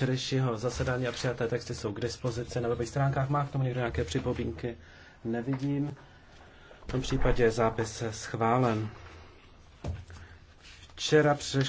včerejšího zasedání a přijaté texty jsou k dispozici na webových stránkách. Má k tomu někdo nějaké připomínky? Nevidím. V tom případě zápis je schválen. Včera přišel